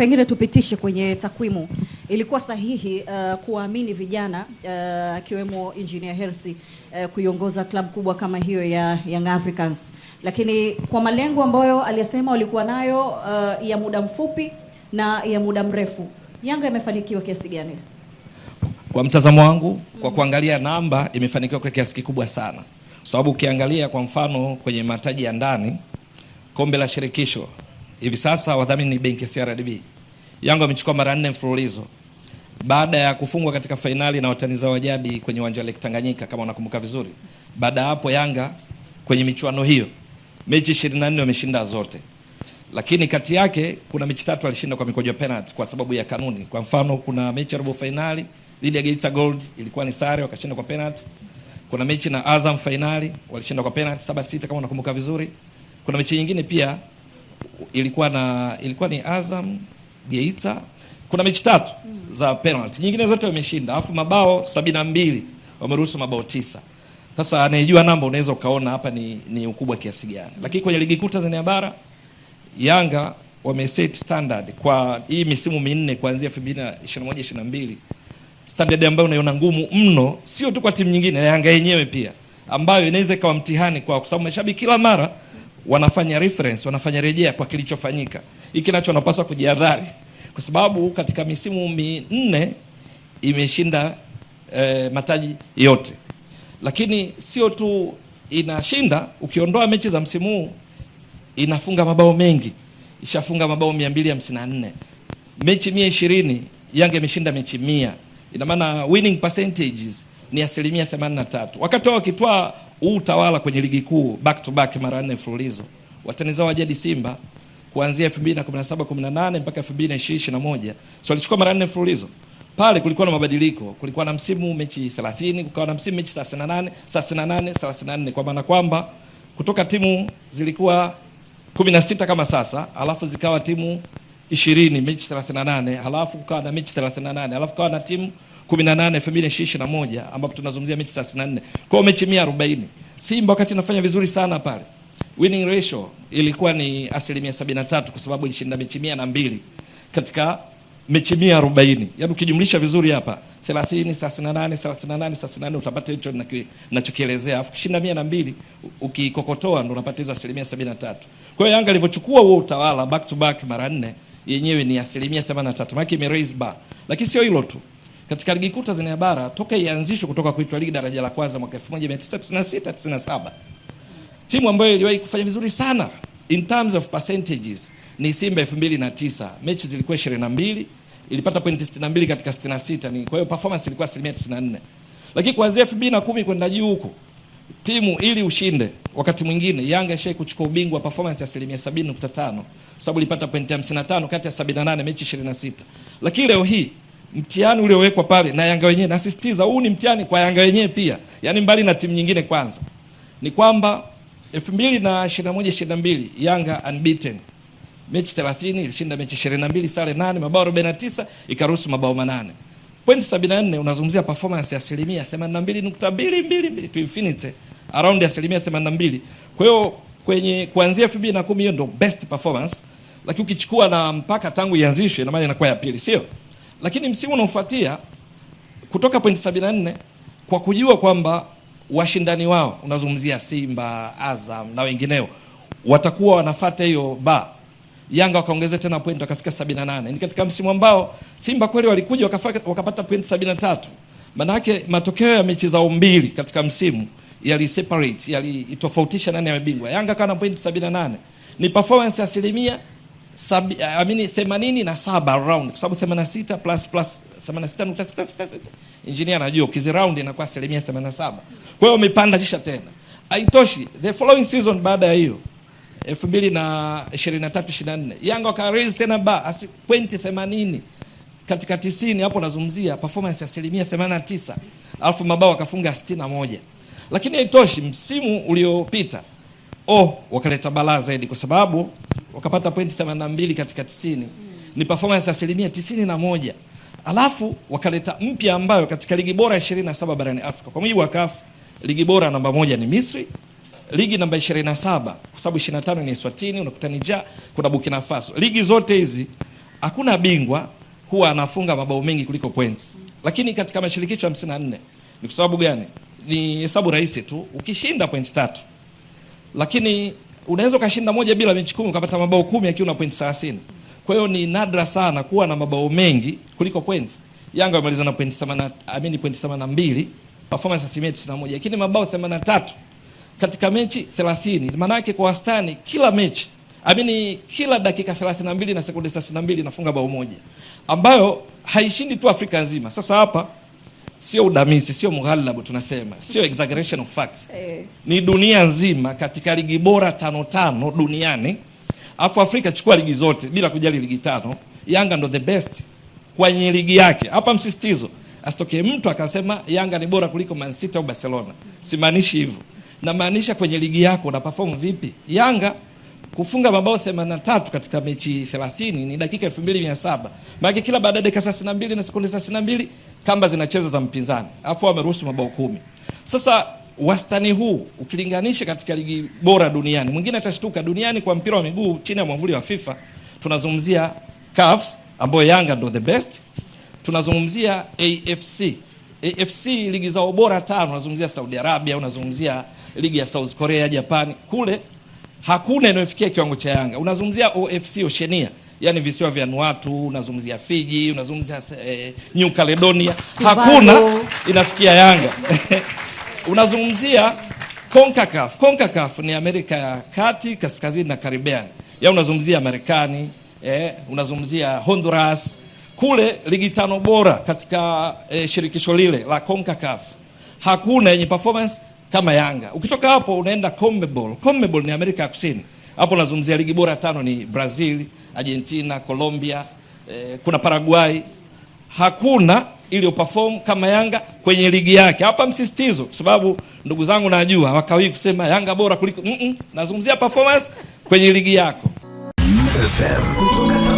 pengine tupitishe kwenye takwimu, ilikuwa sahihi uh, kuwaamini vijana uh, akiwemo uh, engineer Hersi uh, kuiongoza klabu kubwa kama hiyo ya Young Africans, lakini kwa malengo ambayo aliyasema walikuwa nayo uh, ya muda mfupi na ya muda mrefu, Yanga imefanikiwa kiasi gani? Kwa mtazamo wangu, kwa kuangalia namba, imefanikiwa kwa kiasi kikubwa sana, sababu ukiangalia kwa mfano kwenye mataji ya ndani, kombe la shirikisho hivi sasa wadhamini ni benki ya CRDB, Yanga amechukua mara nne mfululizo baada ya kufungwa katika fainali na wataniza zao wa jadi kwenye uwanja wa Lake Tanganyika kama unakumbuka vizuri. Baada ya hapo, Yanga kwenye michuano hiyo mechi 24 wameshinda zote, lakini kati yake kuna mechi tatu alishinda kwa mikojo penalty kwa sababu ya kanuni. Kwa mfano, kuna mechi ya robo fainali dhidi ya Geita Gold ilikuwa ni sare, wakashinda kwa penalty. Kuna mechi na Azam fainali walishinda kwa penalty saba sita kama unakumbuka vizuri. Kuna mechi nyingine pia ilikuwa na ilikuwa ni Azam Geita. Kuna mechi tatu za penalty, nyingine zote wameshinda, alafu mabao sabini na mbili wameruhusu mabao tisa. Sasa anayejua namba unaweza ukaona hapa ni, ni ukubwa kiasi gani, lakini kwenye ligi kuu Tanzania bara Yanga wameset standard kwa hii misimu minne kuanzia 2021 22 standard ambayo unaiona ngumu mno, sio tu kwa timu nyingine Yanga yenyewe pia, ambayo inaweza ikawa mtihani kwa, kwa sababu mashabiki kila mara wanafanya reference, wanafanya rejea kwa kilichofanyika. Hiki nacho wanapaswa kujihadhari, kwa sababu katika misimu minne imeshinda eh, mataji yote, lakini sio tu inashinda, ukiondoa mechi za msimu huu inafunga mabao mengi, ishafunga mabao 254 mechi 120 yange imeshinda mechi 100 ina maana winning percentages ni asilimia 83 wakati wao wakitwaa huu utawala kwenye ligi kuu back to back mara nne mfululizo, watani zao wa jadi Simba kuanzia 2017 18 mpaka 2021, so alichukua mara nne mfululizo. Pale kulikuwa na mabadiliko, kulikuwa na msimu mechi 30, kukawa na msimu mechi 38, 38, 34, kwa maana kwamba kutoka timu zilikuwa 16 kama sasa, alafu zikawa timu 20 mechi 38, halafu kukawa na mechi 38, halafu kukawa na timu 18 ambapo tunazungumzia mechi 34. Kwa hiyo mechi 140. Simba wakati inafanya vizuri sana pale. Winning ratio ilikuwa ni asilimia 73 kwa sababu ilishinda mechi 102 katika mechi 140. Yaani ukijumlisha vizuri hapa 30 38 38 38 utapata hicho ninachokielezea. Alafu kishinda 102 ukikokotoa ndo unapata hizo asilimia 73. Kwa hiyo Yanga ilivyochukua huo utawala back to back mara nne yenyewe ni asilimia 83. Maana ime raise bar. Lakini sio hilo tu katika ligi kuu Tanzania bara toka ianzishwe kutoka kuitwa ligi daraja la kwanza mwaka 1996 97, timu ambayo iliwahi kufanya vizuri sana in terms of percentages ni Simba 2009. Mechi zilikuwa 22, ilipata pointi 62 katika 66, ni kwa hiyo performance ilikuwa 94. Lakini kuanzia 2010 kwenda juu huko timu ili ushinde, wakati mwingine Yanga ishai kuchukua ubingwa performance ya 70.5, sababu ilipata pointi 55 kati ya 78 mechi 26. Lakini leo hii mtihani uliowekwa pale na Yanga wenyewe, nasisitiza huu ni mtihani kwa Yanga wenyewe pia, yaani mbali na timu nyingine. Kwanza ni kwamba 2021 22 Yanga unbeaten mechi 30 ilishinda mechi 22, sare 8, mabao 49, ikaruhusu mabao manane, point 74. Unazungumzia performance ya asilimia 82.222 to infinity around asilimia 82. Kwa hiyo kwenye kuanzia 2010 hiyo ndio best performance, lakini ukichukua na mpaka tangu ianzishwe, na maana inakuwa ya pili, sio? Lakini msimu unaofuatia kutoka pointi 74 kwa kujua kwamba washindani wao unazungumzia Simba, Azam na wengineo watakuwa wanafata hiyo ba Yanga wakaongeza tena pointi wakafika 78. Ni katika msimu ambao Simba kweli walikuja wakapata pointi 73. Maana yake matokeo ya mechi zao mbili katika msimu yali separate, yali itofautisha nani mabingwa Yanga kana pointi 78. Ni performance asilimia sabi, I mean, 87 round kwa sababu 86 plus plus 86.66 engineer anajua ukizi round inakuwa asilimia 87. Kwa hiyo wamepanda kisha tena. Haitoshi, the following season baada ya hiyo 2023 24 Yanga waka raise tena ba asi point katika 90 hapo nazungumzia performance ya asilimia 89, alafu mabao akafunga 61. Lakini haitoshi, msimu uliopita oh, wakaleta balaa zaidi kwa sababu wakapata pointi 82 katika 90. Ni performance ya asilimia 91. Alafu wakaleta mpya ambayo katika ligi bora 27 barani Afrika. Kwa mujibu wa CAF, ligi bora namba moja ni Misri, ligi namba 27 kwa sababu 25 ni Eswatini, unakuta ni ja kuna Burkina Faso. Ligi zote hizi hakuna bingwa huwa anafunga mabao mengi kuliko points. Lakini katika mashirikisho 54 ni kwa sababu gani? Ni hesabu rahisi tu, ukishinda point tatu. Lakini unaweza ukashinda moja bila mechi kumi ukapata mabao kumi akiwa na pointi thelathini. Kwa hiyo ni nadra sana kuwa na mabao mengi kuliko points. Yanga amemaliza na pointi 80, I mean 82, performance asilimia moja lakini mabao 83 katika mechi 30. Maana yake kwa wastani kila mechi, amini kila dakika 32 na sekunde 32 nafunga bao moja, ambayo haishindi tu Afrika nzima. Sasa hapa sio udamizi, sio mughalabu, tunasema sio exaggeration of facts. Eh. Ni dunia nzima katika ligi bora tano tano duniani, afu Afrika chukua ligi zote bila kujali ligi tano, Yanga ndo the best kwenye ligi yake. Hapa msisitizo asitokee mtu akasema Yanga ni bora kuliko Man City au Barcelona, simaanishi hivyo, namaanisha kwenye ligi yako una perform vipi. Yanga kufunga mabao 83 katika mechi 30 ni dakika 2700. Maana kila baada ya dakika 32 na sekunde 32 kamba zinacheza za mpinzani. Alafu wameruhusu mabao kumi. Sasa wastani huu ukilinganisha katika ligi bora duniani, mwingine atashtuka duniani kwa mpira wa miguu chini ya mwavuli wa FIFA, tunazungumzia CAF ambayo Yanga ndo the best. Tunazungumzia AFC. AFC ligi za ubora tano, unazungumzia Saudi Arabia, unazungumzia ligi ya South Korea, Japani kule hakuna inayofikia kiwango cha Yanga. Unazungumzia OFC Oceania, yani visiwa vya Nuatu, unazungumzia Fiji, unazungumzia eh, New Caledonia, hakuna inafikia Yanga. unazungumzia CONCACAF. CONCACAF ni Amerika ya Kati, Kaskazini na Caribbean. Ya unazungumzia Marekani, eh, unazungumzia Honduras. Kule ligi tano bora katika eh, shirikisho lile la CONCACAF. Hakuna yenye performance kama Yanga. Ukitoka hapo unaenda CONMEBOL. CONMEBOL ni Amerika ya Kusini. Hapo nazungumzia ligi bora tano ni Brazil, Argentina, Colombia, eh, kuna Paraguay. Hakuna iliyoperform kama Yanga kwenye ligi yake. Hapa msisitizo kwa sababu ndugu zangu najua wakawi kusema Yanga bora kuliko mm -mm, nazungumzia performance kwenye ligi yako. FM.